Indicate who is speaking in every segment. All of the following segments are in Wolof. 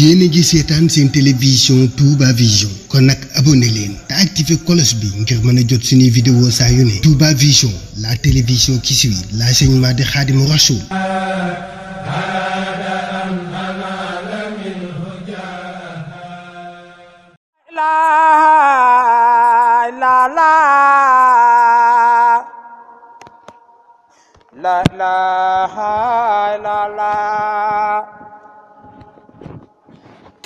Speaker 1: yéen a seetaan seen télévision Touba Vision kon nag abonné leen te activé cloche bi ngir mën jot suñuy vidéo saa yu ne Touba Vision la télévision qui suit l'enseignement de Khadimou Rassoul la la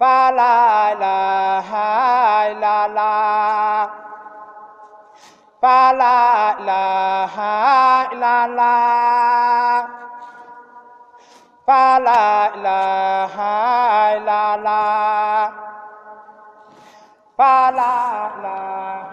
Speaker 1: Ba la ilaha illallah. Ba la ilaha illallah. Ba la ilaha illallah. Ba la ilaha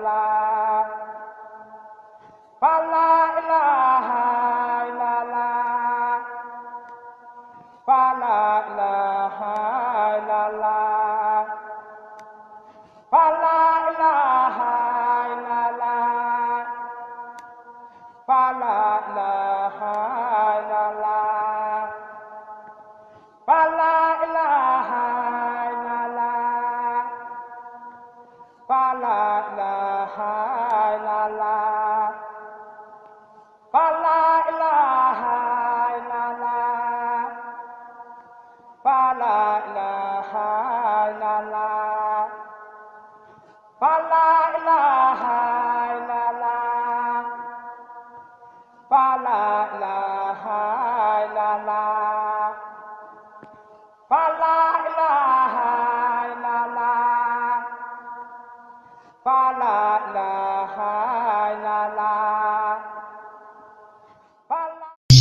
Speaker 1: la la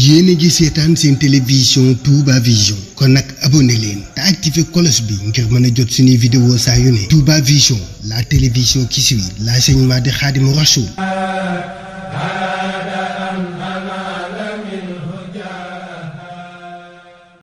Speaker 1: yéen a ngi seetaan seen télévision Touba Vision kon nag abonné leen activer cloche bi ngir mën a jot suñuy vidéo saa yu ne Touba Vision la télévision qui suit l'enseignement de Khadimou Rassoul